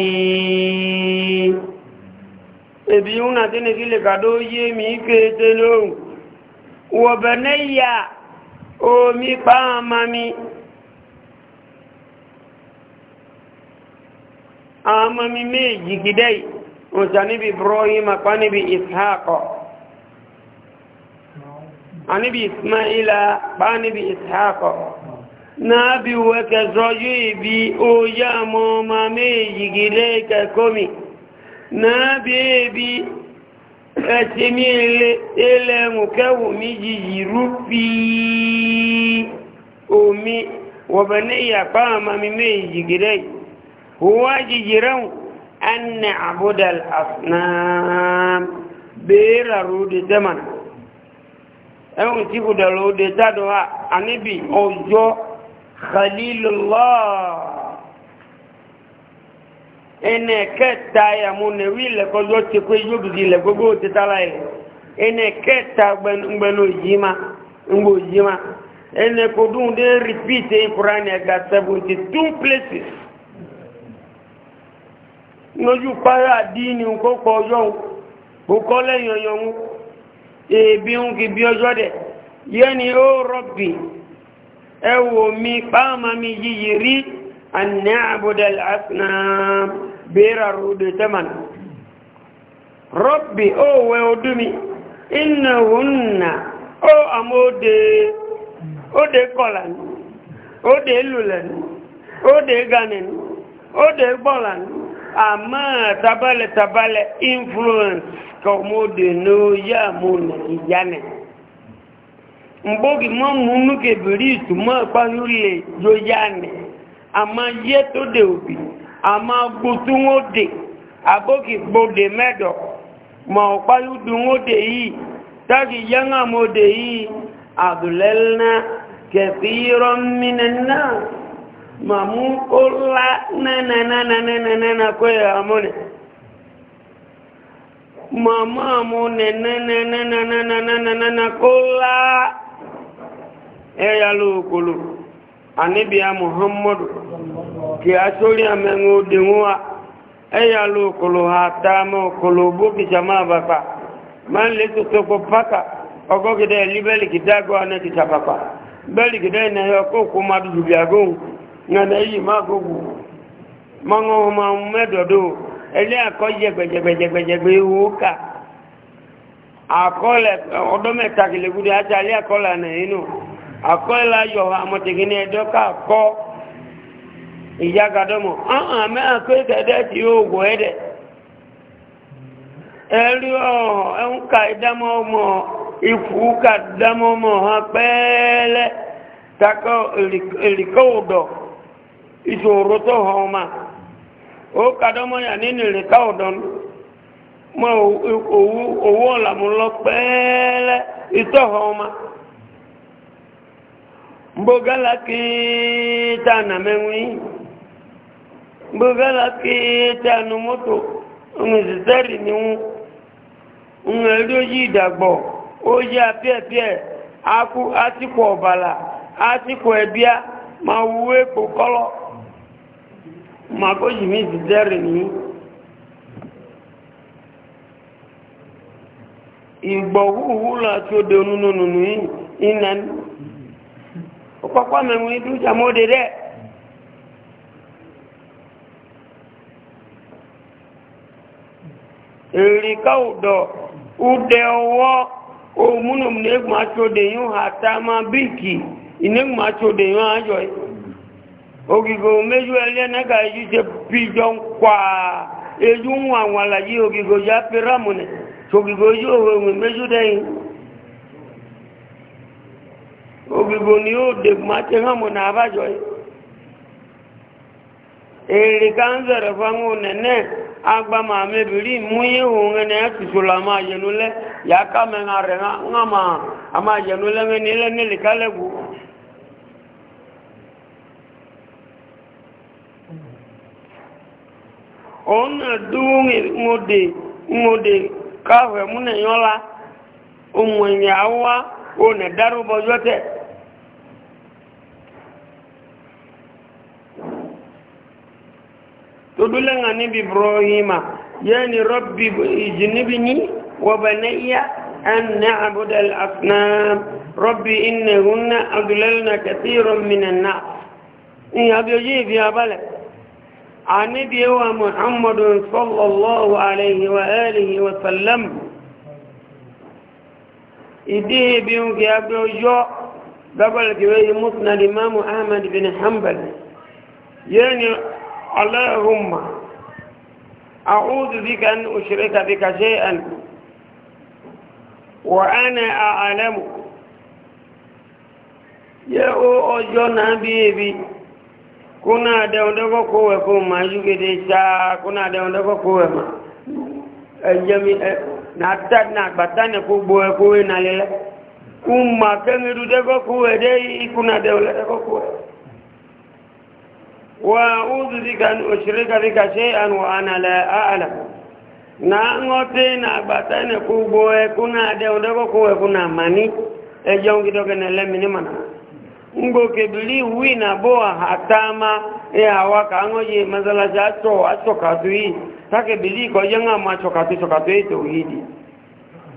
ebi ń nà tẹ́lẹ̀ kí lè kàdó yé mi ké tẹ́lẹ̀ òun wọ̀bẹ̀ nẹ́yà omi pàmà mi àmà mi méjì gidẹ́ òun níbi ibrahima pa níbi ishaqo anibi ismaila pa anibi ishaqo náàbí wẹ́kẹ̀ sọ́jú ìbí oyá mọ́ ma méjì gílẹ̀ kẹ́kọ́mì náàbí ebi ẹ̀tẹ̀mí ẹlẹ́mù kẹwù méjì yìírú fi omi wọ̀bẹ̀ ní ìyàpá ma mi méjì gílẹ̀ wọ́wájì jìrẹ́hùn ẹni àbúdàl àfnàm bèèrè rúdì tẹ́mànà ẹ̀hùn tí kò dẹ̀rọ òde tádọ̀ wa àníbì ọjọ́ khalilullah ẹnẹ kẹta ẹ̀mú nẹ̀wí ilẹ̀kọjọ́ ti pé yóò bìí ilẹ̀ gbogbo ti tálá ilẹ̀ ẹnẹ kẹta gbẹnu ìyíma ngbò ìyíma ẹnẹ kò dùn dé repeat ìkùrán ẹ̀gà 72 places lójú pàrọ̀ àdínì kó kọjọ́ kò kọ́ lẹ́yìn ọyọ́ ebi ń kí bí ọjọ́ dẹ̀ yẹ́ni ó rọ́bì ẹwò mi pàmà mi yìí rí àní àbúdẹ̀l àsìnà bèèrè rúdè tẹ́mà rọ́bì ó wẹ́ odú mi iná wùnà ó àmó ódé kọlàn ódé lùlàn ódé ganin ódé gbọ́làn àmà tabalẹ̀ tabalẹ̀ influence kọmọdé ní yá múnú ìyánẹ mgbógi mọ́ múnú kèbìrí ìtumọ̀ ìpáyú lè yóò o a ma yé tó dé òbí a ma gbótú wọ́n dé abógi gbóde mẹ́dọ̀ yìí màmá mo nẹ̀nẹ́nẹ́nẹ́nẹ́nẹ́nẹ́nẹ́nẹ́nẹ́ kó lá ẹ̀yà lóòkòlò àníbíà muhammadu kì á sórí àmẹ́rin òdìwọ́n wa ẹ̀yà lóòkòlò àtàmọ́ òkòlò bókìjà máa bàpà máa ń lè tuntun kó pákà ọgọ́gidẹ́ ẹ̀lí bẹ́ẹ̀lì kìdá gbọ́ ọ̀nà kìtà pàpà bẹ́ẹ̀lì kìdá ìnáyẹ ọkọ̀ òkú máa dùdù bí agóhùn nàdẹ́yì má gbogbo mọ́ ẹni akɔ jɛgbɛjɛgbɛjɛgbɛjɛgbɛ ewu ka akɔlɛ ɔdɔmɛ takileku de ati ali akɔlɛ anayinu akɔlɛ la yɔ amɔtɛgi ni ɛdɔ ka kɔ ìyága dɔmɔ ɔhàn mɛ akɔ ɛkɛ dɛ ti yóò wɔ yɛ dɛ ɛri ɔ ɛnka ɛdamɔ mɔ ifu ka damɔ mɔ hàn pɛɛlɛ takɔ ɛlikɔwò dɔ ìṣòro tó hàn ma. o kadọmọ yà nínú ìrìnká ọ̀dọ́n mọ owó ọ̀làmúlọ pẹ́ẹ́lẹ́ ìtọ́họ ọmọ mbogala kéèta nàmẹ́wìn mbogala kéèta nu mọ́tò ǹsẹ̀sẹ̀rì ni wọn ǹrẹ́lú yìí dàgbọ̀ ó yẹ apẹ́ẹ̀pẹ́ẹ̀ akú atikọ̀ ọ̀bàlà atikọ̀ ẹ̀bíà máa wú èpò kọlọ. mako jimi zidere ni igbo huhula ti o de onunununu yi ina ni ọpọpọ mẹwọn idu jamode rẹ èrìká ọdọ ude ọwọ òmùnùmùnẹgùn àti òdèyàn àtàmà bíkì ìnẹgùn àti òdèyàn ayọ yìí. ogige omeju ele na ga eju se bijo kwa eju nwa nwala yi ogige ya piramune ogige oju owe meju deyin ogige ni o de ma te hamu na abajo yi èrè ká ń zẹ̀rẹ̀ fáwọn onẹ̀nẹ́ agbámà mẹ́bìrí mú ihun ẹni ẹ̀tùtùlọ àmà àjẹnulẹ́ yàá ká mẹ́ra rẹ̀ ńàmà àmà àjẹnulẹ́ ní ilẹ̀ nílẹ̀ kálẹ̀gùn ọ̀nà dúnwé ńwòdè ńwòdè káwẹ̀ múnẹ̀yọ́lá ohun ẹ̀yà wá ọ̀nà dárúbọjọ́ tẹ̀ todulẹ́ngà níbi ibrahima yẹ́ni rọ́bì ìjìnibí ní wọ̀bẹ̀nẹ́yà أن نعبد الأصنام ربي إنهن أضللن anibi wa muhammadun sallallahu alaihi wa alihi wa sallam idi bi un ki abi ojo gabal ki wey musnad imam ahmad bin hanbal yani allahumma a'udhu bika an ushrika bika shay'an wa ana a'lamu ya o ojo na bi kuna da ndogo kowe kuma yugede cha kuna da ndogo kowe ma ajami eh, na tat eh, na batane ko boe kowe na lele kuma kenge rudego kowe dei kuna da ndogo kowe wa udhika an ushrika bika shay'an wa ana la ala. na ngote na batane ko boe kuna da ndogo kowe kuna mani ejongi eh, doge na lemini mana ngoke bili wina boa hatama ya e waka ngoje mazala jato ato katui take bili ko yanga macho katu to katu tauhidi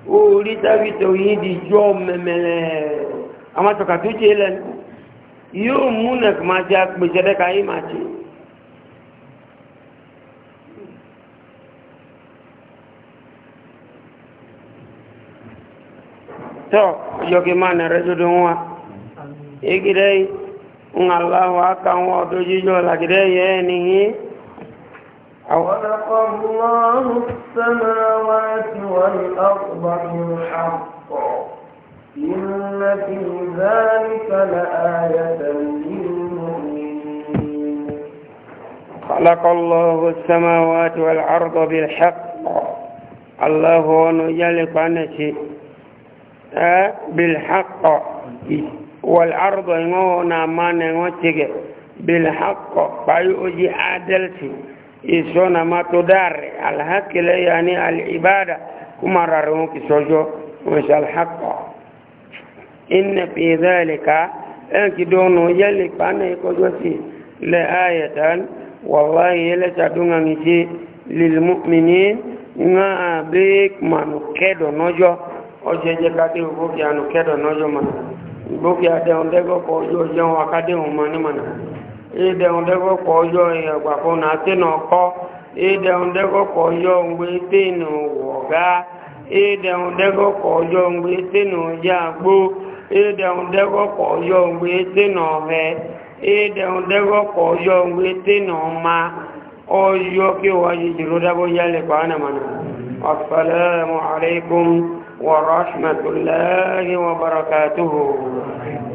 uri tawi tauhidi jo memele ama to katu jele yo munak maja bejere kai machi to yoke mana rejo donwa igidai in allahu aka wọn ọdọ jíjọ lagidai yẹ nihi خلق الله السماوات والأرض بالحق إن في ذلك لآية للمؤمنين خلق الله السماوات والأرض بالحق الله نجلق نشي بالحق والأرض يمونا ما نموتك بالحق بيؤجي عدلتي إسونا ما تدار الحق يعني العبادة كما رارموك سوجو مش الحق إن في ذلك أنك دون يلك فأنا يكوزوسي لآية والله يلتا دون للمؤمنين ما بيك ما نكدو نجو أجيجي كاتي وفوكي نكدو نجو ما ìgbókè adẹ́hùndẹ́gọ́kọ̀ ọjọ́ jẹun akádéhùn mọ́ nímọ̀nà ìdẹ̀hùndẹ́gọ́kọ̀ ọjọ́ ìyàgbàkọ́ náà tẹ́nà ọkọ́ ìdẹ̀hùndẹ́gọ́kọ̀ ọjọ́ òǹgbé tẹ́nà wọ̀gá ìdẹ̀hùndẹ́gọ́kọ̀ ọjọ́ òǹgbé ورحمة الله وبركاته